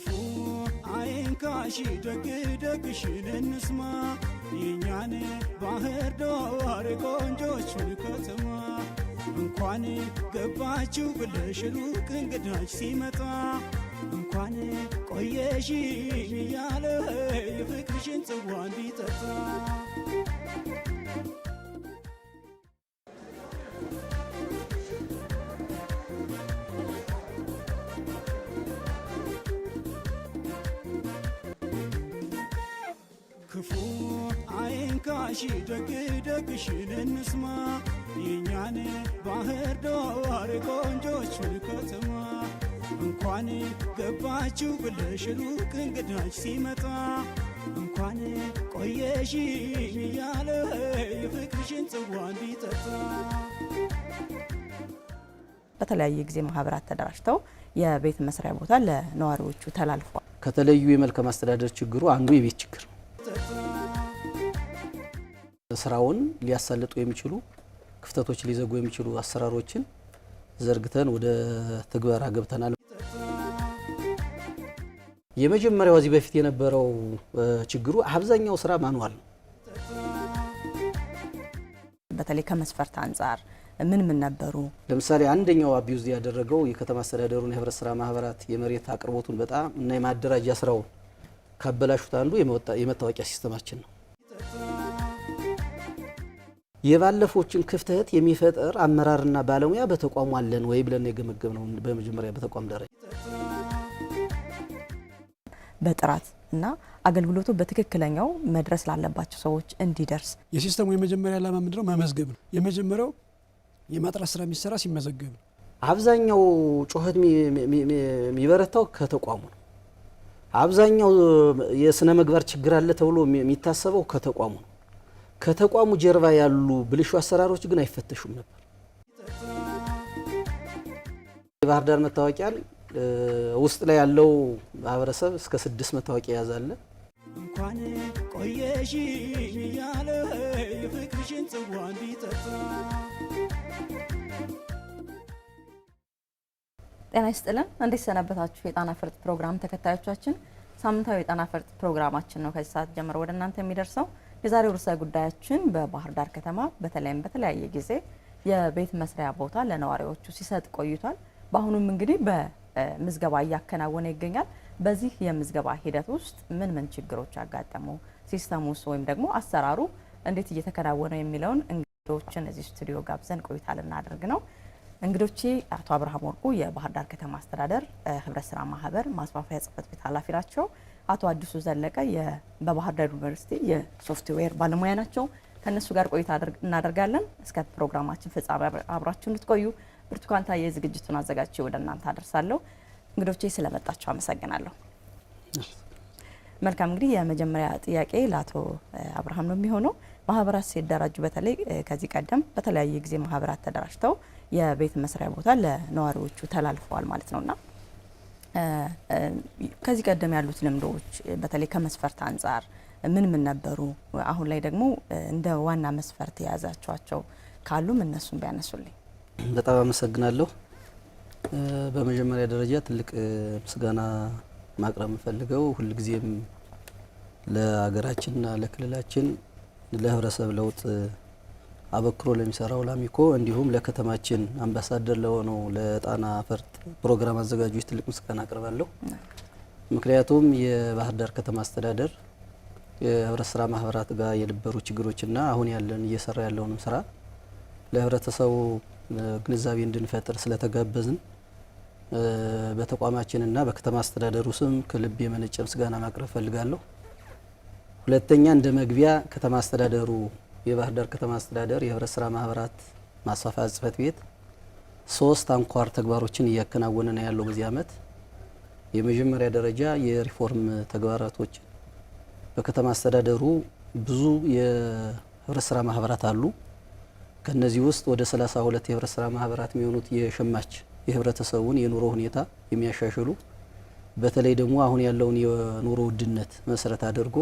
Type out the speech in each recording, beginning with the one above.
ክፉ አይንካሽ ደግ ደግሽን እንስማ የእኛን ባህር ዳር ቆንጆቹን ከተማ እንኳን ገባችሁ ብለሽ ሩቅ እንግዳች ሲመጣ እንኳን ቆየሽ እያለ የፍቅርሽን ጽዋ እንዲጠጣ ባህር ዳር ቆንጆች ከተማ እንኳን ገባችሁ ብለሽ ሩቅ እንግዳች ሲመጣ እንኳን ቆየሽ እያለ የፍቅርሽን ጽዋ እንዲጠጣ በተለያየ ጊዜ ማህበራት ተደራጅተው የቤት መስሪያ ቦታ ለነዋሪዎቹ ተላልፏል። ከተለዩ የመልካም አስተዳደር ችግሩ አንዱ የቤት ችግር ነው። ስራውን ሊያሳልጡ የሚችሉ ክፍተቶች ሊዘጉ የሚችሉ አሰራሮችን ዘርግተን ወደ ትግበራ ገብተናል። የመጀመሪያው እዚህ በፊት የነበረው ችግሩ አብዛኛው ስራ ማንዋል ነው። በተለይ ከመስፈርት አንጻር ምን ምን ነበሩ? ለምሳሌ አንደኛው አቢዩዝ ያደረገው የከተማ አስተዳደሩን የህብረት ስራ ማህበራት የመሬት አቅርቦቱን በጣም እና የማደራጃ ስራውን ካበላሹት አንዱ የመታወቂያ ሲስተማችን ነው። የባለፎችን ክፍተት የሚፈጠር አመራርና ባለሙያ በተቋሙ አለን ወይ ብለን የገመገብ ነው። በመጀመሪያ በተቋም ደረጃ በጥራት እና አገልግሎቱ በትክክለኛው መድረስ ላለባቸው ሰዎች እንዲደርስ የሲስተሙ የመጀመሪያ ዓላማ ምንድነው? መመዝገብ ነው። የመጀመሪያው የማጥራት ስራ የሚሰራ ሲመዘገብ ነው። አብዛኛው ጩኸት የሚበረታው ከተቋሙ ነው። አብዛኛው የስነ ምግባር ችግር አለ ተብሎ የሚታሰበው ከተቋሙ ነው። ከተቋሙ ጀርባ ያሉ ብልሹ አሰራሮች ግን አይፈተሹም ነበር። የባህር ዳር መታወቂያን ውስጥ ላይ ያለው ማህበረሰብ እስከ ስድስት መታወቂያ ያዛለ። እንኳን ቆየሽ ጽዋ እንዲጠጣ ጤና ይስጥልን። እንዴት ሰነበታችሁ? የጣና ፈርጥ ፕሮግራም ተከታዮቻችን፣ ሳምንታዊ የጣና ፈርጥ ፕሮግራማችን ነው ከዚህ ሰዓት ጀምሮ ወደ እናንተ የሚደርሰው የዛሬው ርዕሰ ጉዳያችን በባህር ዳር ከተማ በተለይም በተለያየ ጊዜ የቤት መስሪያ ቦታ ለነዋሪዎቹ ሲሰጥ ቆይቷል። በአሁኑም እንግዲህ በምዝገባ እያከናወነ ይገኛል። በዚህ የምዝገባ ሂደት ውስጥ ምን ምን ችግሮች ሲስተሙ ውስጥ ወይም ደግሞ አሰራሩ እንዴት እየተከናወነ የሚለውን እንግዶችን እዚህ ስቱዲዮ ጋብዘን ቆይታ ልናደርግ ነው። እንግዶቼ አቶ አብርሃም ወርቁ የባህር ዳር ከተማ አስተዳደር ህብረት ስራ ማህበር ማስፋፊያ ጽህፈት ቤት ኃላፊ ናቸው። አቶ አዲሱ ዘለቀ በባህር ዳር ዩኒቨርሲቲ የሶፍትዌር ባለሙያ ናቸው። ከእነሱ ጋር ቆይታ እናደርጋለን። እስከ ፕሮግራማችን ፍጻሜ አብራችሁ እንድትቆዩ ብርቱካን ታዬ ዝግጅቱን አዘጋጅቼ ወደ እናንተ አደርሳለሁ። እንግዶቼ ስለመጣችሁ አመሰግናለሁ። መልካም እንግዲህ የመጀመሪያ ጥያቄ ለአቶ አብርሃም ነው የሚሆነው። ማህበራት ሲደራጁ በተለይ ከዚህ ቀደም በተለያየ ጊዜ ማህበራት ተደራጅተው የቤት መስሪያ ቦታ ለነዋሪዎቹ ተላልፈዋል ማለት ነውና ከዚህ ቀደም ያሉት ልምዶች በተለይ ከመስፈርት አንጻር ምን ምን ነበሩ? አሁን ላይ ደግሞ እንደ ዋና መስፈርት የያዛቸዋቸው ካሉም እነሱን ቢያነሱልኝ። በጣም አመሰግናለሁ። በመጀመሪያ ደረጃ ትልቅ ምስጋና ማቅረብ የምፈልገው ሁልጊዜም ለሀገራችንና ለክልላችን ለህብረተሰብ ለውጥ አበክሮ ለሚሰራው ላሚኮ እንዲሁም ለከተማችን አምባሳደር ለሆነው ለጣና ፈርጥ ፕሮግራም አዘጋጆች ትልቅ ምስጋና አቅርባለሁ። ምክንያቱም የባህር ዳር ከተማ አስተዳደር የህብረት ስራ ማህበራት ጋር የነበሩ ችግሮችና አሁን ያለን እየሰራ ያለውንም ስራ ለህብረተሰቡ ግንዛቤ እንድንፈጥር ስለተጋበዝን በተቋማችንና በከተማ አስተዳደሩ ስም ከልብ የመነጨ ምስጋና ማቅረብ ፈልጋለሁ። ሁለተኛ እንደ መግቢያ ከተማ አስተዳደሩ የባህር ዳር ከተማ አስተዳደር የህብረት ስራ ማህበራት ማስፋፋያ ጽህፈት ቤት ሶስት አንኳር ተግባሮችን እያከናወነ ነው ያለው በዚህ አመት የመጀመሪያ ደረጃ የሪፎርም ተግባራቶች በከተማ አስተዳደሩ ብዙ የህብረት ስራ ማህበራት አሉ። ከነዚህ ውስጥ ወደ 32 የህብረት ስራ ማህበራት የሚሆኑት የሸማች የህብረተሰቡን የኑሮ ሁኔታ የሚያሻሽሉ በተለይ ደግሞ አሁን ያለውን የኑሮ ውድነት መሰረት አድርጎ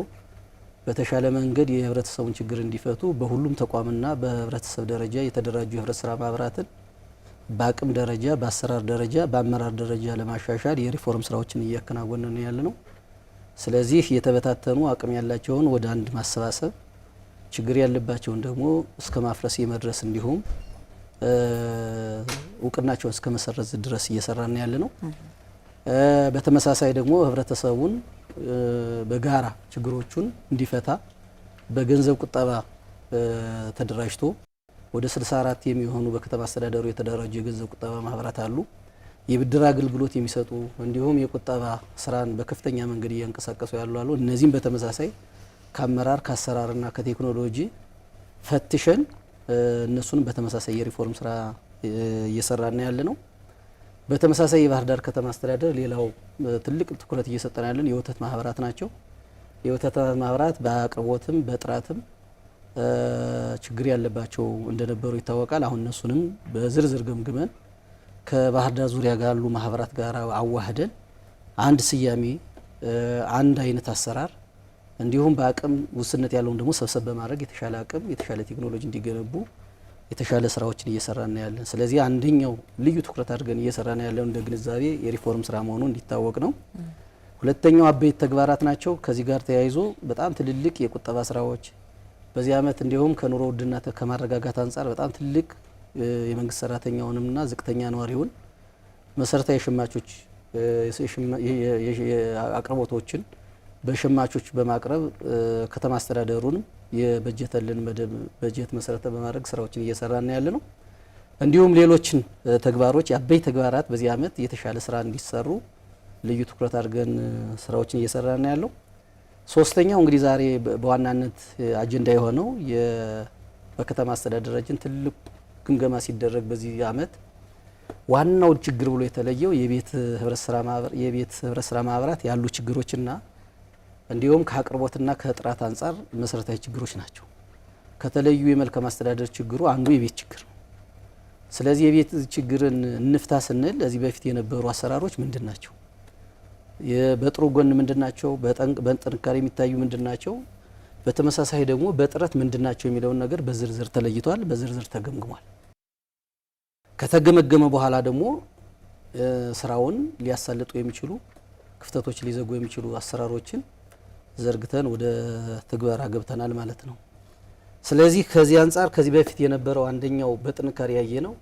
በተሻለ መንገድ የህብረተሰቡን ችግር እንዲፈቱ በሁሉም ተቋምና በህብረተሰብ ደረጃ የተደራጁ የህብረት ስራ ማህበራትን በአቅም ደረጃ በአሰራር ደረጃ በአመራር ደረጃ ለማሻሻል የሪፎርም ስራዎችን እያከናወነ ነው ያለ ነው። ስለዚህ የተበታተኑ አቅም ያላቸውን ወደ አንድ ማሰባሰብ፣ ችግር ያለባቸውን ደግሞ እስከ ማፍረስ የመድረስ እንዲሁም እውቅናቸውን እስከ መሰረዝ ድረስ እየሰራ ነው ያለ ነው። በተመሳሳይ ደግሞ ህብረተሰቡን በጋራ ችግሮቹን እንዲፈታ በገንዘብ ቁጠባ ተደራጅቶ ወደ 64 የሚሆኑ በከተማ አስተዳደሩ የተደራጁ የገንዘብ ቁጠባ ማህበራት አሉ። የብድር አገልግሎት የሚሰጡ እንዲሁም የቁጠባ ስራን በከፍተኛ መንገድ እያንቀሳቀሱ ያሉ አሉ። እነዚህም በተመሳሳይ ከአመራር ከአሰራርና ከቴክኖሎጂ ፈትሸን እነሱንም በተመሳሳይ የሪፎርም ስራ እየሰራና ያለ ነው። በተመሳሳይ የባህር ዳር ከተማ አስተዳደር ሌላው ትልቅ ትኩረት እየሰጠን ያለን የወተት ማህበራት ናቸው። የወተት ማህበራት በአቅርቦትም በጥራትም ችግር ያለባቸው እንደነበሩ ይታወቃል። አሁን እነሱንም በዝርዝር ገምግመን ከባህር ዳር ዙሪያ ጋሉ ማህበራት ጋር አዋህደን አንድ ስያሜ፣ አንድ አይነት አሰራር እንዲሁም በአቅም ውስነት ያለውን ደግሞ ሰብሰብ በማድረግ የተሻለ አቅም የተሻለ ቴክኖሎጂ እንዲገነቡ የተሻለ ስራዎችን ና ያለን። ስለዚህ አንደኛው ልዩ ትኩረት አድርገን ና ያለው እንደ ግንዛቤ የሪፎርም ስራ መሆኑ እንዲታወቅ ነው። ሁለተኛው አበይት ተግባራት ናቸው። ከዚህ ጋር ተያይዞ በጣም ትልልቅ የቁጠባ ስራዎች በዚህ አመት እንዲሁም ከኑሮ ውድነት ከማረጋጋት አንጻር በጣም ትልቅ የመንግስት ሰራተኛውንምና ዝቅተኛ ነዋሪውን መሰረታዊ ሸማቾች አቅርቦቶችን በሸማቾች በማቅረብ ከተማ አስተዳደሩንም የበጀተልን መደብ በጀት መሰረተ በማድረግ ስራዎችን እየሰራን ያለ ነው። እንዲሁም ሌሎችን ተግባሮች የአበይ ተግባራት በዚህ ዓመት የተሻለ ስራ እንዲሰሩ ልዩ ትኩረት አድርገን ስራዎችን እየሰራን ያለው። ሶስተኛው እንግዲህ ዛሬ በዋናነት አጀንዳ የሆነው በከተማ አስተዳደራችን ትልቅ ግምገማ ሲደረግ በዚህ ዓመት ዋናው ችግር ብሎ የተለየው የቤት ህብረት ስራ ማህበር የቤት ህብረት ስራ ማህበራት ያሉ ችግሮችና እንዲሁም ከአቅርቦትና ከጥራት አንጻር መሰረታዊ ችግሮች ናቸው። ከተለዩ የመልካም አስተዳደር ችግሩ አንዱ የቤት ችግር ነው። ስለዚህ የቤት ችግርን እንፍታ ስንል እዚህ በፊት የነበሩ አሰራሮች ምንድን ናቸው? በጥሩ ጎን ምንድን ናቸው? በጥንካሬ የሚታዩ ምንድን ናቸው? በተመሳሳይ ደግሞ በጥረት ምንድን ናቸው የሚለውን ነገር በዝርዝር ተለይቷል፣ በዝርዝር ተገምግሟል። ከተገመገመ በኋላ ደግሞ ስራውን ሊያሳልጡ የሚችሉ ክፍተቶች ሊዘጉ የሚችሉ አሰራሮችን ዘርግተን ወደ ትግበራ ገብተናል ማለት ነው። ስለዚህ ከዚህ አንጻር ከዚህ በፊት የነበረው አንደኛው በጥንካሬ ያየ ነው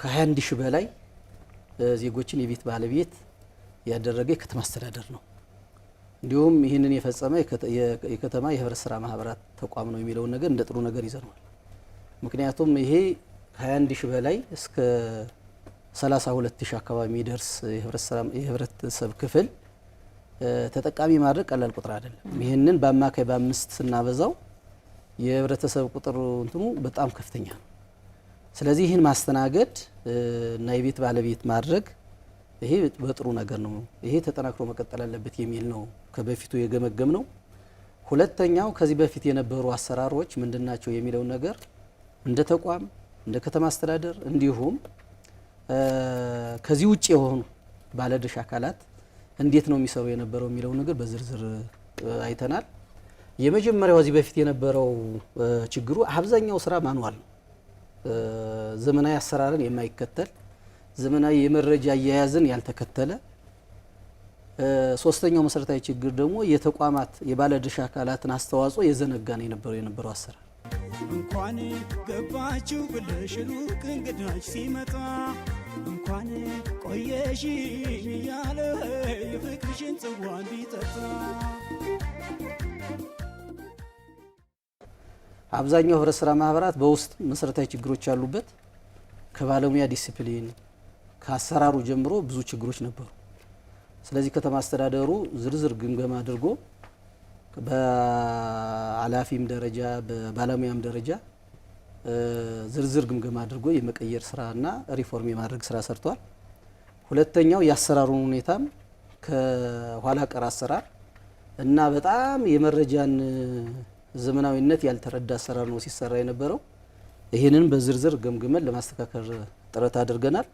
ከ21 ሺህ በላይ ዜጎችን የቤት ባለቤት ያደረገ የከተማ አስተዳደር ነው። እንዲሁም ይህንን የፈጸመ የከተማ የህብረት ስራ ማህበራት ተቋም ነው የሚለውን ነገር እንደ ጥሩ ነገር ይዘነዋል። ምክንያቱም ይሄ ከ21 ሺህ በላይ እስከ 32 ሺህ አካባቢ የሚደርስ የህብረተሰብ ክፍል ተጠቃሚ ማድረግ ቀላል ቁጥር አይደለም። ይህንን በአማካይ በአምስት ስናበዛው የህብረተሰብ ቁጥር እንትኑ በጣም ከፍተኛ ነው። ስለዚህ ይህን ማስተናገድ እና የቤት ባለቤት ማድረግ ይሄ በጥሩ ነገር ነው። ይሄ ተጠናክሮ መቀጠል አለበት የሚል ነው ከበፊቱ የገመገም ነው። ሁለተኛው ከዚህ በፊት የነበሩ አሰራሮች ምንድናቸው የሚለውን ነገር እንደ ተቋም እንደ ከተማ አስተዳደር እንዲሁም ከዚህ ውጭ የሆኑ ባለድርሻ አካላት እንዴት ነው የሚሰሩ የነበረው የሚለው ነገር በዝርዝር አይተናል። የመጀመሪያው እዚህ በፊት የነበረው ችግሩ አብዛኛው ስራ ማንዋል ነው፣ ዘመናዊ አሰራርን የማይከተል ዘመናዊ የመረጃ አያያዝን ያልተከተለ። ሶስተኛው መሰረታዊ ችግር ደግሞ የተቋማት የባለድርሻ አካላትን አስተዋጽኦ የዘነጋን የነበረው የነበረው አሰራር እንኳን ገባችሁ ብለሽ ሩቅ እንግዳች ሲመጣ እንኳን ቆየሽ እያለ የፍቅርሽን አብዛኛው ህብረት ስራ ማህበራት በውስጥ መሰረታዊ ችግሮች ያሉበት ከባለሙያ ዲሲፕሊን ከአሰራሩ ጀምሮ ብዙ ችግሮች ነበሩ። ስለዚህ ከተማ አስተዳደሩ ዝርዝር ግምገማ አድርጎ በኃላፊም ደረጃ በባለሙያም ደረጃ ዝርዝር ግምገማ አድርጎ የመቀየር ስራና ሪፎርም የማድረግ ስራ ሰርቷል። ሁለተኛው የአሰራሩን ሁኔታም ከኋላ ቀር አሰራር እና በጣም የመረጃን ዘመናዊነት ያልተረዳ አሰራር ነው ሲሰራ የነበረው። ይህንን በዝርዝር ገምግመን ለማስተካከል ጥረት አድርገናል።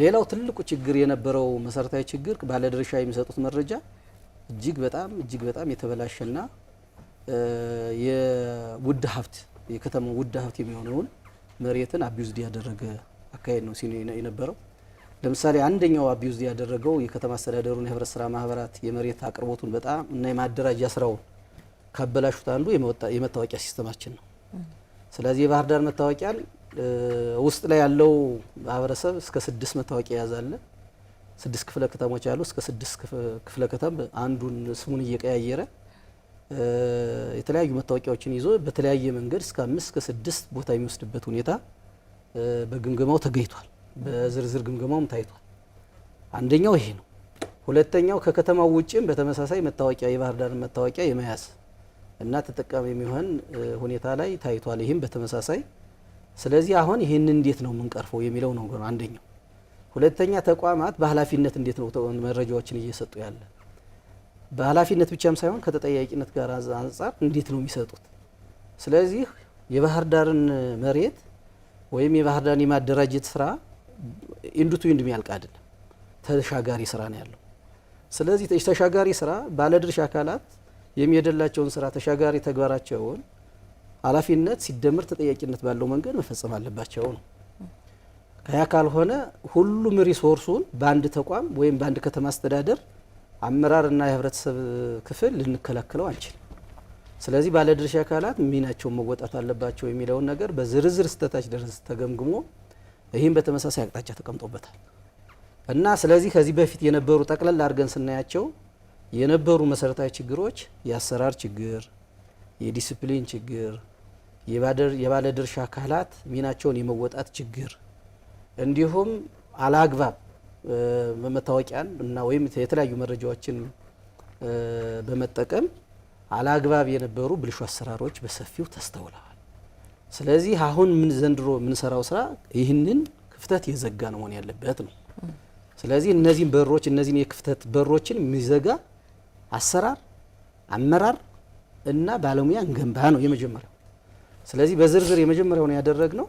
ሌላው ትልቁ ችግር የነበረው መሰረታዊ ችግር ባለድርሻ የሚሰጡት መረጃ እጅግ በጣም እጅግ በጣም የተበላሸና የውድ ሀብት የከተማው ውድ ሀብት የሚሆነውን መሬትን አቢዩዝድ ያደረገ አካሄድ ነው የነበረው። ለምሳሌ አንደኛው አቢዩዝ ያደረገው የከተማ አስተዳደሩን የህብረት ስራ ማህበራት የመሬት አቅርቦቱን በጣም እና የማደራጃ ስራውን ካበላሹት አንዱ የመታወቂያ ሲስተማችን ነው። ስለዚህ የባህር ዳር መታወቂያን ውስጥ ላይ ያለው ማህበረሰብ እስከ ስድስት መታወቂያ የያዛለ ስድስት ክፍለ ከተሞች አሉ። እስከ ስድስት ክፍለ ከተም አንዱን ስሙን እየቀያየረ የተለያዩ መታወቂያዎችን ይዞ በተለያየ መንገድ እስከ አምስት እስከ ስድስት ቦታ የሚወስድበት ሁኔታ በግምገማው ተገኝቷል። በዝርዝር ግምገማውም ታይቷል። አንደኛው ይሄ ነው። ሁለተኛው ከከተማው ውጭም በተመሳሳይ መታወቂያ የባህር ዳርን መታወቂያ የመያዝ እና ተጠቃሚ የሚሆን ሁኔታ ላይ ታይቷል። ይህም በተመሳሳይ ስለዚህ አሁን ይህን እንዴት ነው የምንቀርፈው የሚለው ነው አንደኛው። ሁለተኛ ተቋማት በኃላፊነት እንዴት ነው መረጃዎችን እየሰጡ ያለ በኃላፊነት ብቻም ሳይሆን ከተጠያቂነት ጋር አንጻር እንዴት ነው የሚሰጡት? ስለዚህ የባህር ዳርን መሬት ወይም የባህር ዳርን የማደራጀት ስራ ኢንድ ኢንድ የሚያልቅ አይደለም፣ ተሻጋሪ ስራ ነው ያለው። ስለዚህ ተሻጋሪ ስራ ባለድርሻ አካላት የሚሄደላቸውን ስራ ተሻጋሪ ተግባራቸውን ኃላፊነት ሲደመር ተጠያቂነት ባለው መንገድ መፈጸም አለባቸው ነው። ከያ ካልሆነ ሁሉም ሪሶርሱን በአንድ ተቋም ወይም በአንድ ከተማ አስተዳደር አመራርና የህብረተሰብ ክፍል ልንከላከለው አንችልም። ስለዚህ ባለድርሻ አካላት ሚናቸውን መወጣት አለባቸው የሚለውን ነገር በዝርዝር ስተታች ድረስ ተገምግሞ ይህም በተመሳሳይ አቅጣጫ ተቀምጦበታል እና ስለዚህ ከዚህ በፊት የነበሩ ጠቅለል አድርገን ስናያቸው የነበሩ መሰረታዊ ችግሮች የአሰራር ችግር፣ የዲስፕሊን ችግር፣ የባለድርሻ አካላት ሚናቸውን የመወጣት ችግር እንዲሁም አላግባብ መታወቂያን እና ወይም የተለያዩ መረጃዎችን በመጠቀም አላግባብ የነበሩ ብልሹ አሰራሮች በሰፊው ተስተውለዋል። ስለዚህ አሁን ምን ዘንድሮ የምንሰራው ስራ ይህንን ክፍተት የዘጋ ነው መሆን ያለበት ነው። ስለዚህ እነዚህን በሮች እነዚህን የክፍተት በሮችን የሚዘጋ አሰራር፣ አመራር እና ባለሙያ እንገንባ ነው የመጀመሪያው። ስለዚህ በዝርዝር የመጀመሪያው ነው ያደረግነው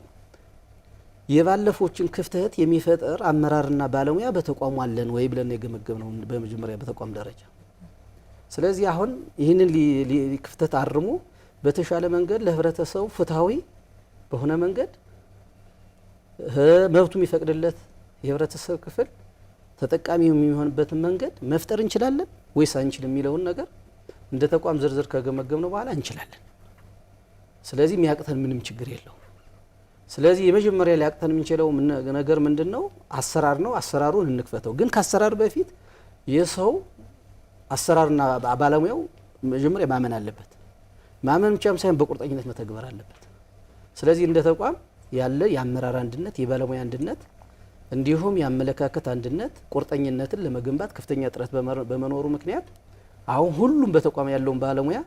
የባለፎችን ክፍተት የሚፈጠር አመራርና ባለሙያ በተቋሙ አለን ወይ ብለን የገመገብ ነው በመጀመሪያ በተቋም ደረጃ። ስለዚህ አሁን ይህንን ክፍተት አርሞ በተሻለ መንገድ ለህብረተሰቡ ፍትሐዊ በሆነ መንገድ መብቱ የሚፈቅድለት የህብረተሰብ ክፍል ተጠቃሚ የሚሆንበትን መንገድ መፍጠር እንችላለን ወይስ አንችል የሚለውን ነገር እንደ ተቋም ዝርዝር ከገመገም ነው በኋላ እንችላለን። ስለዚህ የሚያቅተን ምንም ችግር የለውም። ስለዚህ የመጀመሪያ ሊያቅተን የምንችለው ነገር ምንድን ነው? አሰራር ነው። አሰራሩን እንክፈተው። ግን ከአሰራር በፊት የሰው አሰራርና ባለሙያው መጀመሪያ ማመን አለበት። ማመን ብቻም ሳይሆን በቁርጠኝነት መተግበር አለበት። ስለዚህ እንደ ተቋም ያለ የአመራር አንድነት፣ የባለሙያ አንድነት እንዲሁም የአመለካከት አንድነት ቁርጠኝነትን ለመገንባት ከፍተኛ ጥረት በመኖሩ ምክንያት አሁን ሁሉም በተቋም ያለውን ባለሙያ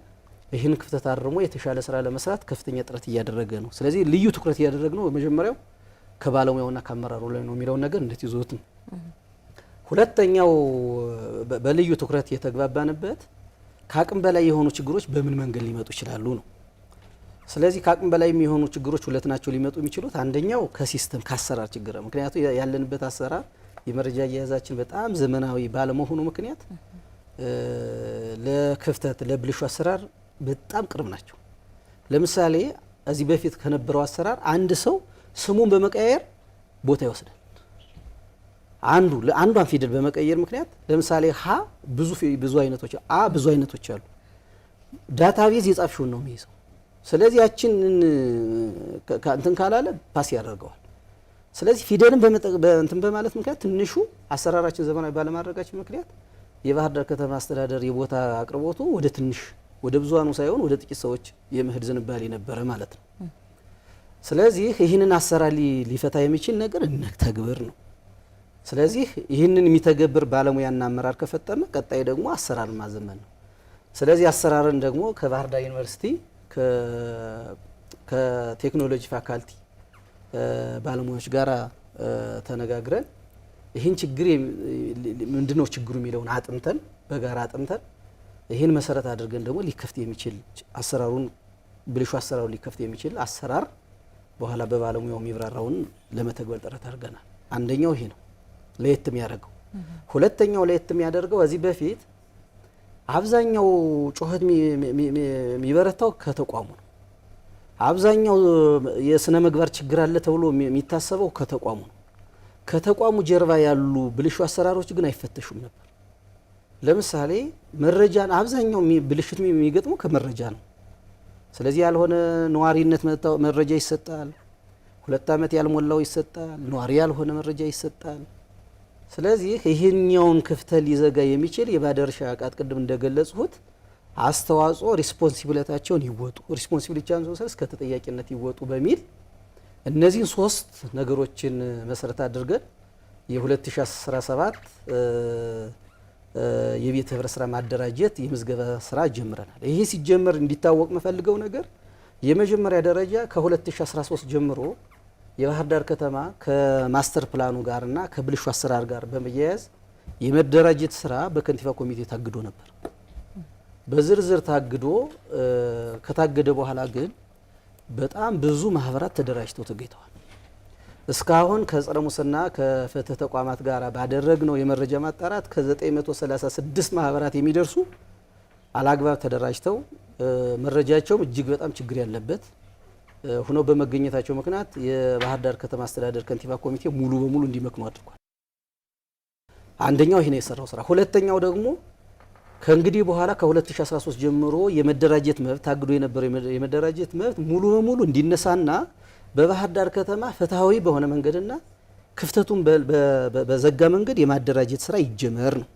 ይህን ክፍተት አርሞ የተሻለ ስራ ለመስራት ከፍተኛ ጥረት እያደረገ ነው። ስለዚህ ልዩ ትኩረት እያደረግ ነው። በመጀመሪያው ከባለሙያውና ከአመራሩ ላይ ነው የሚለውን ነገር እንዴት ይዞት ነው። ሁለተኛው በልዩ ትኩረት የተግባባንበት ከአቅም በላይ የሆኑ ችግሮች በምን መንገድ ሊመጡ ይችላሉ ነው። ስለዚህ ከአቅም በላይ የሚሆኑ ችግሮች ሁለት ናቸው ሊመጡ የሚችሉት። አንደኛው ከሲስተም ከአሰራር ችግር ምክንያቱም ያለንበት አሰራር የመረጃ አያያዛችን በጣም ዘመናዊ ባለመሆኑ ምክንያት ለክፍተት ለብልሹ አሰራር በጣም ቅርብ ናቸው። ለምሳሌ እዚህ በፊት ከነበረው አሰራር አንድ ሰው ስሙን በመቀያየር ቦታ ይወስዳል። አንዱ ለአንዷን ፊደል በመቀየር ምክንያት ለምሳሌ ሀ ብዙ ብዙ አይነቶች አ ብዙ አይነቶች አሉ። ቤዝ የጻፍሽውን ነው የሚይዘው። ስለዚህ ያችንን እንትን ካላለ ፓስ ያደርገዋል። ስለዚህ ፊደልን እንትን በማለት ምክንያት ትንሹ አሰራራችን ዘመናዊ ባለማድረጋችን ምክንያት የባህር ዳር ከተማ አስተዳደር የቦታ አቅርቦቱ ወደ ትንሽ ወደ ብዙሃኑ ሳይሆን ወደ ጥቂት ሰዎች የምህድ ዝንባሌ ነበረ ማለት ነው። ስለዚህ ይህንን አሰራር ሊፈታ የሚችል ነገር እንተግብር ነው። ስለዚህ ይህንን የሚተገብር ባለሙያና አመራር ከፈጠመ ቀጣይ ደግሞ አሰራር ማዘመን ነው። ስለዚህ አሰራርን ደግሞ ከባህር ዳር ዩኒቨርሲቲ ከቴክኖሎጂ ፋካልቲ ባለሙያዎች ጋር ተነጋግረን ይህን ችግር ምንድነው ችግሩ የሚለውን አጥምተን በጋራ አጥምተን ይህን መሰረት አድርገን ደግሞ ሊከፍት የሚችል አሰራሩን ብልሹ አሰራሩ ሊከፍት የሚችል አሰራር በኋላ በባለሙያው የሚብራራውን ለመተግበር ጥረት አድርገናል። አንደኛው ይሄ ነው። ለየት የሚያደርገው። ሁለተኛው ለየት የሚያደርገው እዚህ በፊት አብዛኛው ጩኸት የሚበረታው ከተቋሙ ነው። አብዛኛው የስነ ምግባር ችግር አለ ተብሎ የሚታሰበው ከተቋሙ ነው። ከተቋሙ ጀርባ ያሉ ብልሹ አሰራሮች ግን አይፈተሹም ነበር። ለምሳሌ መረጃን አብዛኛው ብልሽት የሚገጥመው ከመረጃ ነው። ስለዚህ ያልሆነ ነዋሪነት መረጃ ይሰጣል። ሁለት ዓመት ያልሞላው ይሰጣል። ነዋሪ ያልሆነ መረጃ ይሰጣል። ስለዚህ ይህኛውን ክፍተት ሊዘጋ የሚችል የባለድርሻ አካላት ቅድም እንደገለጽሁት አስተዋጽኦ ሪስፖንሲብለታቸውን ይወጡ ሪስፖንሲብሊቲያቸውን ስል እስከ ተጠያቂነት ይወጡ በሚል እነዚህን ሶስት ነገሮችን መሰረት አድርገን የ2017 የቤት ህብረት ስራ ማደራጀት የምዝገባ ስራ ጀምረናል። ይሄ ሲጀመር እንዲታወቅ የምፈልገው ነገር የመጀመሪያ ደረጃ ከ2013 ጀምሮ የባህር ዳር ከተማ ከማስተር ፕላኑ ጋርና ከብልሹ አሰራር ጋር በመያያዝ የመደራጀት ስራ በከንቲባ ኮሚቴ ታግዶ ነበር። በዝርዝር ታግዶ ከታገደ በኋላ ግን በጣም ብዙ ማህበራት ተደራጅተው ተገኝተዋል። እስካሁን ከጸረ ሙስና ከፍትህ ተቋማት ጋር ባደረግነው የመረጃ ማጣራት ከ936 ማህበራት የሚደርሱ አላግባብ ተደራጅተው መረጃቸውም እጅግ በጣም ችግር ያለበት ሆነው በመገኘታቸው ምክንያት የባህር ዳር ከተማ አስተዳደር ከንቲባ ኮሚቴ ሙሉ በሙሉ እንዲመክኑ አድርጓል። አንደኛው ይሄ ነው የሰራው ስራ። ሁለተኛው ደግሞ ከእንግዲህ በኋላ ከ2013 ጀምሮ የመደራጀት መብት ታግዶ የነበረው የመደራጀት መብት ሙሉ በሙሉ እንዲነሳና በባህር ዳር ከተማ ፍትሐዊ በሆነ መንገድና ክፍተቱን በዘጋ መንገድ የማደራጀት ስራ ይጀመር ነው።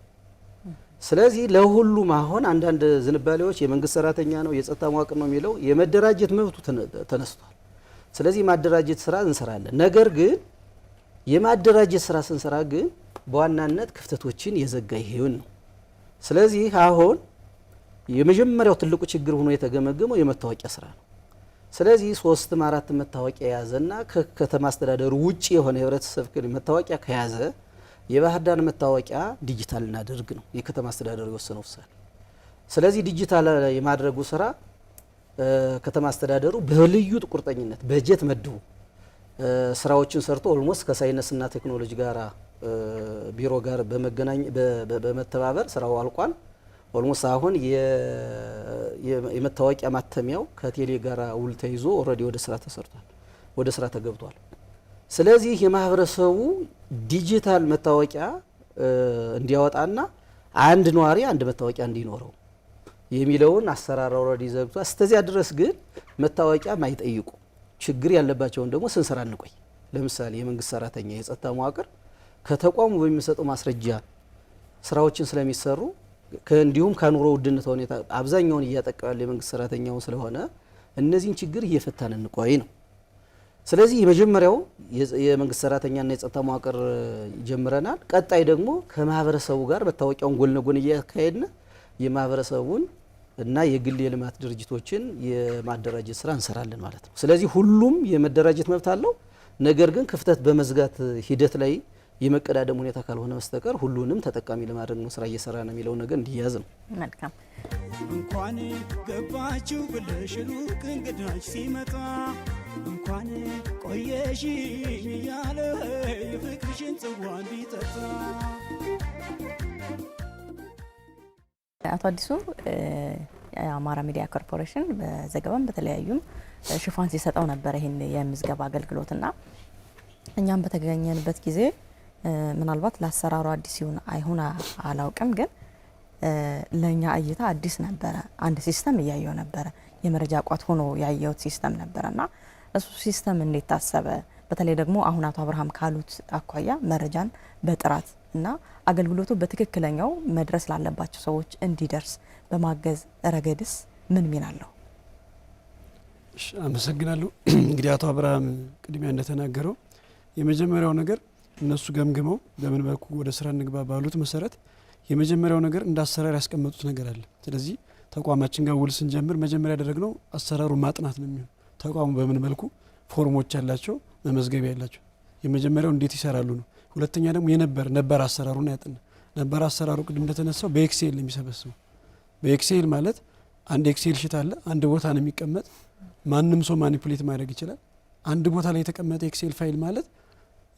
ስለዚህ ለሁሉም አሁን አንዳንድ ዝንባሌዎች የመንግስት ሰራተኛ ነው የጸጥታ መዋቅር ነው የሚለው የመደራጀት መብቱ ተነስቷል። ስለዚህ የማደራጀት ስራ እንሰራለን። ነገር ግን የማደራጀት ስራ ስንሰራ ግን በዋናነት ክፍተቶችን የዘጋ ይሄውን ነው። ስለዚህ አሁን የመጀመሪያው ትልቁ ችግር ሆኖ የተገመገመው የመታወቂያ ስራ ነው። ስለዚህ ሶስትም አራትም መታወቂያ የያዘና ከከተማ አስተዳደሩ ውጭ የሆነ የህብረተሰብ ክፍል መታወቂያ ከያዘ የባህር ዳር መታወቂያ ዲጂታል እናደርግ ነው የከተማ አስተዳደሩ የወሰነው ውሳኔ። ስለዚህ ዲጂታል የማድረጉ ስራ ከተማ አስተዳደሩ በልዩ ቁርጠኝነት በጀት መድቡ ስራዎችን ሰርቶ ኦልሞስት ከሳይንስና ቴክኖሎጂ ጋር ቢሮ ጋር በመተባበር ስራው አልቋል። ኦልሞስት አሁን የመታወቂያ ማተሚያው ከቴሌ ጋር ውል ተይዞ ኦልሬዲ ወደ ስራ ተሰርቷል፣ ወደ ስራ ተገብቷል። ስለዚህ የማህበረሰቡ ዲጂታል መታወቂያ እንዲያወጣና አንድ ነዋሪ አንድ መታወቂያ እንዲኖረው የሚለውን አሰራር አውረድ ይዘብቱ እስከዚያ ድረስ ግን መታወቂያ ማይጠይቁ ችግር ያለባቸውን ደግሞ ስንሰራ እንቆይ። ለምሳሌ የመንግስት ሰራተኛ የጸጥታ መዋቅር ከተቋሙ በሚሰጠው ማስረጃ ስራዎችን ስለሚሰሩ እንዲሁም ከኑሮ ውድነት ሁኔታ አብዛኛውን እያጠቃ ያለ የመንግስት ሰራተኛውን ስለሆነ እነዚህን ችግር እየፈታን እንቆይ ነው። ስለዚህ የመጀመሪያው የመንግስት ሰራተኛና የጸጥታ መዋቅር ጀምረናል። ቀጣይ ደግሞ ከማህበረሰቡ ጋር መታወቂያውን ጎን ለጎን እያካሄድን የማህበረሰቡን እና የግል የልማት ድርጅቶችን የማደራጀት ስራ እንሰራለን ማለት ነው። ስለዚህ ሁሉም የመደራጀት መብት አለው። ነገር ግን ክፍተት በመዝጋት ሂደት ላይ የመቀዳደም ሁኔታ ካልሆነ በስተቀር ሁሉንም ተጠቃሚ ለማድረግ ነው ስራ እየሰራ ነው የሚለው ነገር እንዲያዝ ነው። መልካም እንኳን ገባችሁ ብለሽ ሩቅ እንግዳች ሲመጣ እንኳን ቆየሽ እያለ የፍቅርሽን ጽዋ እንዲጠጣ አቶ አዲሱ የአማራ ሚዲያ ኮርፖሬሽን በዘገባም በተለያዩም ሽፋን ሲሰጠው ነበር ይህን የምዝገባ አገልግሎትና እኛም በተገኘንበት ጊዜ ምናልባት ለአሰራሩ አዲስ ይሁን አይሁን አላውቅም፣ ግን ለእኛ እይታ አዲስ ነበረ። አንድ ሲስተም እያየው ነበረ፣ የመረጃ ቋት ሆኖ ያየሁት ሲስተም ነበረ እና እሱ ሲስተም እንዴት ታሰበ? በተለይ ደግሞ አሁን አቶ አብርሃም ካሉት አኳያ መረጃን በጥራት እና አገልግሎቱ በትክክለኛው መድረስ ላለባቸው ሰዎች እንዲደርስ በማገዝ ረገድስ ምን ሚና አለው? አመሰግናለሁ። እንግዲህ አቶ አብርሃም ቅድሚያ እንደተናገረው የመጀመሪያው ነገር እነሱ ገምግመው በምን መልኩ ወደ ስራ እንግባ ባሉት መሰረት የመጀመሪያው ነገር እንደ አሰራር ያስቀመጡት ነገር አለ። ስለዚህ ተቋማችን ጋር ውል ስንጀምር መጀመሪያ ያደረግነው አሰራሩ ማጥናት ነው የሚሆን ተቋሙ በምን መልኩ ፎርሞች ያላቸው መመዝገቢያ ያላቸው የመጀመሪያው እንዴት ይሰራሉ ነው። ሁለተኛ ደግሞ የነበር ነበር አሰራሩን ያጥና ነበር አሰራሩ ቅድም እንደተነሳው በኤክሴል ነው የሚሰበስበው። በኤክሴል ማለት አንድ ኤክሴል ሽት አለ፣ አንድ ቦታ ነው የሚቀመጥ። ማንም ሰው ማኒፑሌት ማድረግ ይችላል። አንድ ቦታ ላይ የተቀመጠ ኤክሴል ፋይል ማለት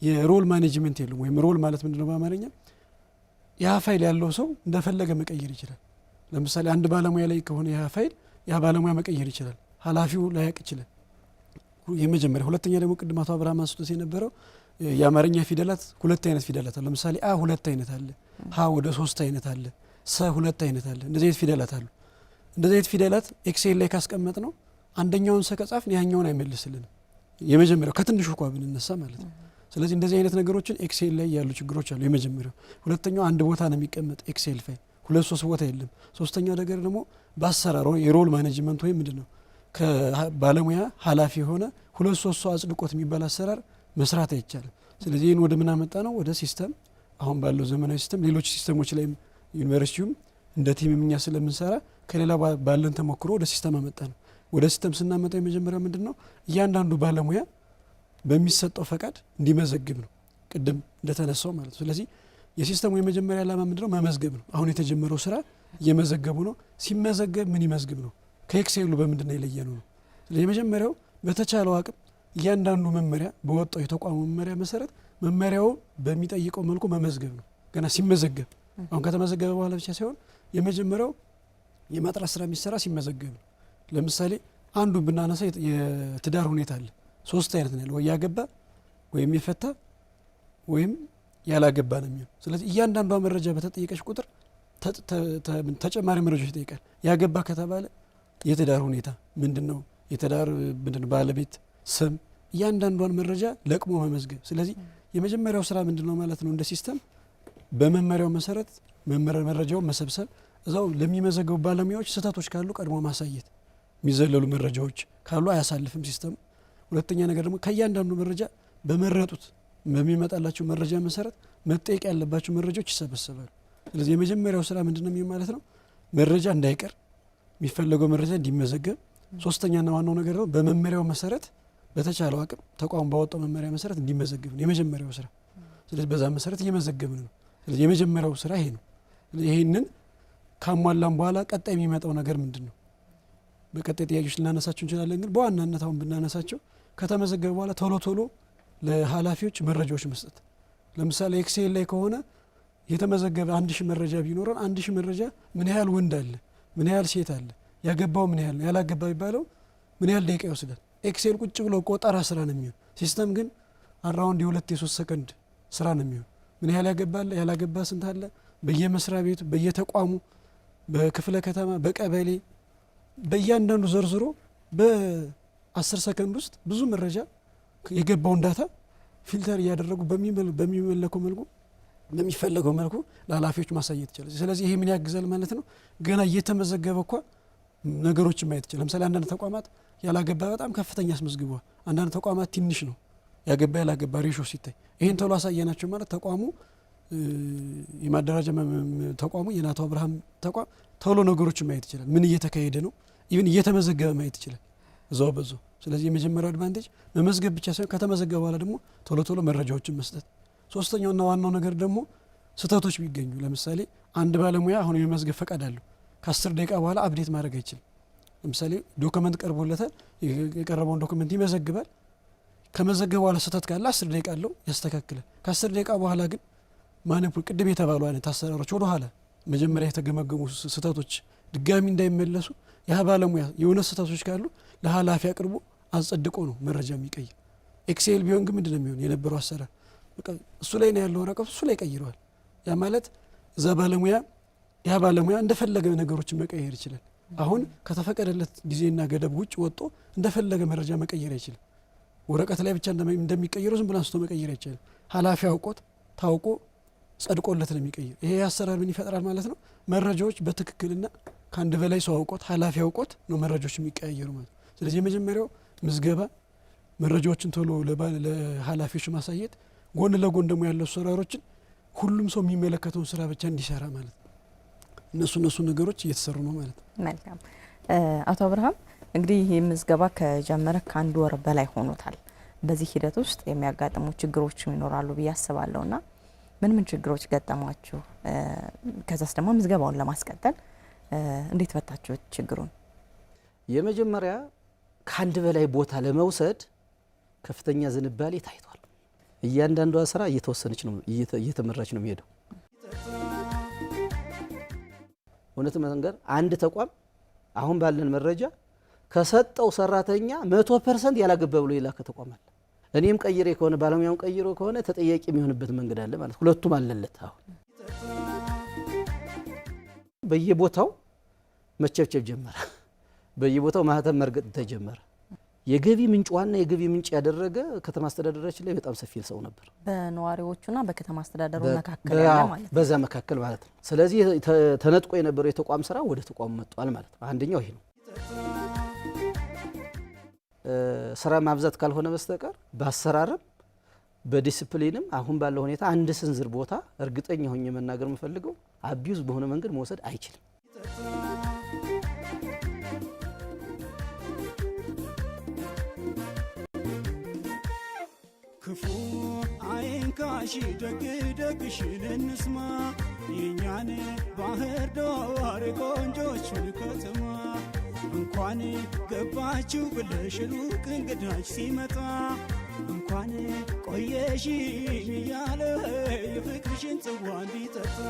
የሮል ማኔጅመንት የለም። ወይም ሮል ማለት ምንድነው በአማርኛ ያ ፋይል ያለው ሰው እንደፈለገ መቀየር ይችላል። ለምሳሌ አንድ ባለሙያ ላይ ከሆነ ያ ፋይል ያ ባለሙያ መቀየር ይችላል። ኃላፊው ላያቅ ይችላል። የመጀመሪያ ሁለተኛ ደግሞ ቅድም አቶ አብርሃም አንስቶት የነበረው የአማርኛ ፊደላት ሁለት አይነት ፊደላት አሉ። ለምሳሌ አ ሁለት አይነት አለ፣ ሀ ወደ ሶስት አይነት አለ፣ ሰ ሁለት አይነት አለ። እንደዚህ አይነት ፊደላት አሉ። እንደዚህ አይነት ፊደላት ኤክሴል ላይ ካስቀመጥ ነው አንደኛውን ሰ ከጻፍን ያኛውን አይመልስልንም። የመጀመሪያው ከትንሹ እኳ ብንነሳ ማለት ነው። ስለዚህ እንደዚህ አይነት ነገሮችን ኤክሴል ላይ ያሉ ችግሮች አሉ። የመጀመሪያው። ሁለተኛው አንድ ቦታ ነው የሚቀመጥ ኤክሴል ፋይል ሁለት ሶስት ቦታ የለም። ሶስተኛው ነገር ደግሞ በአሰራሩ የሮል ማኔጅመንት ወይም ምንድን ነው ከባለሙያ ኃላፊ የሆነ ሁለት ሶስት ሰው አጽድቆት የሚባል አሰራር መስራት አይቻልም። ስለዚህ ይህን ወደ ምናመጣ ነው ወደ ሲስተም አሁን ባለው ዘመናዊ ሲስተም ሌሎች ሲስተሞች ላይም ዩኒቨርሲቲውም እንደ ቲም የምኛ ስለምንሰራ ከሌላ ባለን ተሞክሮ ወደ ሲስተም አመጣ ነው። ወደ ሲስተም ስናመጣ የመጀመሪያ ምንድን ነው እያንዳንዱ ባለሙያ በሚሰጠው ፈቃድ እንዲመዘግብ ነው፣ ቅድም እንደተነሳው ማለት ነው። ስለዚህ የሲስተሙ የመጀመሪያ ዓላማ ምንድነው? መመዝገብ ነው። አሁን የተጀመረው ስራ እየመዘገቡ ነው። ሲመዘገብ ምን ይመዝግብ ነው? ከኤክሴሉ በምንድን ነው የለየ ነው? የመጀመሪያው በተቻለው አቅም እያንዳንዱ መመሪያ በወጣው የተቋሙ መመሪያ መሰረት መመሪያው በሚጠይቀው መልኩ መመዝገብ ነው። ገና ሲመዘገብ አሁን ከተመዘገበ በኋላ ብቻ ሳይሆን የመጀመሪያው የማጥራት ስራ የሚሰራ ሲመዘገብ ነው። ለምሳሌ አንዱ ብናነሳ የትዳር ሁኔታ አለ። ሶስት አይነት ነው ያለው። ወይ ያገባ ወይም የፈታ ወይም ያላገባ ነው የሚሆን። ስለዚህ እያንዳንዷ መረጃ በተጠየቀች ቁጥር ተጨማሪ መረጃዎች ይጠይቃል። ያገባ ከተባለ የትዳር ሁኔታ ምንድን ነው፣ የትዳር ምንድን ባለቤት ስም፣ እያንዳንዷን መረጃ ለቅሞ መመዝገብ። ስለዚህ የመጀመሪያው ስራ ምንድን ነው ማለት ነው እንደ ሲስተም በመመሪያው መሰረት መረጃውን መሰብሰብ፣ እዛው ለሚመዘገቡ ባለሙያዎች ስህተቶች ካሉ ቀድሞ ማሳየት፣ የሚዘለሉ መረጃዎች ካሉ አያሳልፍም ሲስተሙ። ሁለተኛ ነገር ደግሞ ከእያንዳንዱ መረጃ በመረጡት በሚመጣላቸው መረጃ መሰረት መጠየቅ ያለባቸው መረጃዎች ይሰበሰባሉ። ስለዚህ የመጀመሪያው ስራ ምንድን ነው ማለት ነው መረጃ እንዳይቀር የሚፈለገው መረጃ እንዲመዘገብ። ሶስተኛና ዋናው ነገር ነው በመመሪያው መሰረት በተቻለው አቅም ተቋሙ ባወጣው መመሪያ መሰረት እንዲመዘገብ ነው የመጀመሪያው ስራ። ስለዚህ በዛ መሰረት እየመዘገብን ነው። ስለዚህ የመጀመሪያው ስራ ይሄ ነው። ይሄንን ካሟላም በኋላ ቀጣይ የሚመጣው ነገር ምንድን ነው? በቀጣይ ጥያቄዎች ልናነሳቸው እንችላለን፣ ግን በዋናነት አሁን ብናነሳቸው ከተመዘገበ በኋላ ቶሎ ቶሎ ለኃላፊዎች መረጃዎች መስጠት። ለምሳሌ ኤክሴል ላይ ከሆነ የተመዘገበ አንድ ሺህ መረጃ ቢኖረን አንድ ሺህ መረጃ ምን ያህል ወንድ አለ፣ ምን ያህል ሴት አለ፣ ያገባው ምን ያህል ነው፣ ያላገባ የሚባለው ምን ያህል ደቂቃ ይወስዳል። ኤክሴል ቁጭ ብሎ ቆጠራ ስራ ነው የሚሆን። ሲስተም ግን አራውንድ የሁለት የሶስት ሰከንድ ስራ ነው የሚሆን። ምን ያህል ያገባለ፣ ያላገባ ስንት አለ፣ በየመስሪያ ቤቱ፣ በየተቋሙ፣ በክፍለ ከተማ፣ በቀበሌ በእያንዳንዱ ዘርዝሮ በ አስር ሰከንድ ውስጥ ብዙ መረጃ የገባውን ዳታ ፊልተር እያደረጉ በሚመለከው መልኩ በሚፈለገው መልኩ ለኃላፊዎች ማሳየት ይችላል። ስለዚህ ይሄ ምን ያግዛል ማለት ነው። ገና እየተመዘገበ እኳ ነገሮችን ማየት ይችላል። ለምሳሌ አንዳንድ ተቋማት ያላገባ በጣም ከፍተኛ አስመዝግቧል አንዳንድ ተቋማት ትንሽ ነው ያገባ ያላገባ ሬሾ ሲታይ፣ ይህን ቶሎ አሳየናቸው ማለት ተቋሙ የማደራጃ ተቋሙ የናቶ አብርሃም ተቋም ቶሎ ነገሮችን ማየት ይችላል። ምን እየተካሄደ ነው፣ ኢቭን እየተመዘገበ ማየት ይችላል። እዛው በዙ። ስለዚህ የመጀመሪያው አድቫንቴጅ መመዝገብ ብቻ ሳይሆን ከተመዘገበ በኋላ ደግሞ ቶሎ ቶሎ መረጃዎችን መስጠት። ሶስተኛውና ዋናው ነገር ደግሞ ስህተቶች ቢገኙ፣ ለምሳሌ አንድ ባለሙያ አሁን የመመዝገብ ፈቃድ አለው፣ ከአስር ደቂቃ በኋላ አብዴት ማድረግ አይችልም። ለምሳሌ ዶክመንት ቀርቦለታል፣ የቀረበውን ዶክመንት ይመዘግባል። ከመዘገበ በኋላ ስህተት ካለ አስር ደቂቃ አለው ያስተካክላል። ከአስር ደቂቃ በኋላ ግን ማኒፑል ቅድም የተባሉ አይነት አሰራሮች ወደኋላ መጀመሪያ የተገመገሙ ስህተቶች ድጋሚ እንዳይመለሱ ያህ ባለሙያ የእውነት ስህተቶች ካሉ ለኃላፊ አቅርቦ አጸድቆ ነው መረጃ የሚቀይር። ኤክሴል ቢሆን ግን ምንድነው የሚሆን የነበረው አሰራር እሱ ላይ ነው ያለው ወረቀቱ እሱ ላይ ቀይረዋል። ያ ማለት እዛ ባለሙያ ያ ባለሙያ እንደፈለገ ነገሮችን መቀየር ይችላል። አሁን ከተፈቀደለት ጊዜና ገደብ ውጭ ወጥቶ እንደፈለገ መረጃ መቀየር አይችልም። ወረቀት ላይ ብቻ እንደሚቀይረው ዝም ብሎ አንስቶ መቀየር አይችልም። ኃላፊ አውቆት ታውቆ ጸድቆለት ነው የሚቀይር። ይሄ አሰራር ምን ይፈጥራል ማለት ነው? መረጃዎች በትክክልና ከአንድ በላይ ሰው አውቆት ኃላፊ አውቆት ነው መረጃዎች የሚቀያየሩ ማለት ነው። ስለዚህ የመጀመሪያው ምዝገባ፣ መረጃዎችን ቶሎ ለኃላፊዎች ማሳየት፣ ጎን ለጎን ደግሞ ያለው አሰራሮችን ሁሉም ሰው የሚመለከተውን ስራ ብቻ እንዲሰራ ማለት ነው። እነሱ እነሱ ነገሮች እየተሰሩ ነው ማለት ነው። መልካም አቶ አብርሃም እንግዲህ ይህ ምዝገባ ከጀመረ ከአንድ ወር በላይ ሆኖታል። በዚህ ሂደት ውስጥ የሚያጋጥሙ ችግሮች ይኖራሉ ብዬ ና ምን ምን ችግሮች ገጠሟችሁ? ከዛስ ደግሞ ምዝገባውን ለማስቀጠል እንዴት ፈታችሁ ችግሩን? የመጀመሪያ ከአንድ በላይ ቦታ ለመውሰድ ከፍተኛ ዝንባሌ ታይቷል። እያንዳንዷ ስራ እየተወሰነች ነው እየተመራች ነው የሚሄደው። እውነት መንገር አንድ ተቋም አሁን ባለን መረጃ ከሰጠው ሰራተኛ መቶ ፐርሰንት ያላገባ ብሎ የላከ ተቋም አለ። እኔም ቀይሬ ከሆነ ባለሙያውን ቀይሮ ከሆነ ተጠያቂ የሚሆንበት መንገድ አለ ማለት ሁለቱም አለለት። አሁን በየቦታው መቸብቸብ ጀመረ። በየቦታው ማህተም መርገጥ ተጀመረ። የገቢ ምንጭ ዋና የገቢ ምንጭ ያደረገ ከተማ አስተዳደራችን ላይ በጣም ሰፊ ሰው ነበር፣ በነዋሪዎቹና በከተማ አስተዳደሩ መካከል በዛ መካከል ማለት ነው። ስለዚህ ተነጥቆ የነበረው የተቋም ስራ ወደ ተቋሙ መጥቷል ማለት ነው። አንደኛው ይሄ ነው። ስራ ማብዛት ካልሆነ በስተቀር በአሰራርም በዲስፕሊንም አሁን ባለው ሁኔታ አንድ ስንዝር ቦታ እርግጠኛ ሆኜ መናገር የምፈልገው አቢዩዝ በሆነ መንገድ መውሰድ አይችልም። ክፉ አይንካሽ ደግ ደግሽን እንስማ የእኛን ባህር ዳር ቆንጆችን ከተማ እንኳን ገባችሁ ብለሽ ሩቅ እንግዳች ሲመጣ እንኳን ቆየሽ እያለ የፍቅርሽን ጽዋ እንዲጠጣ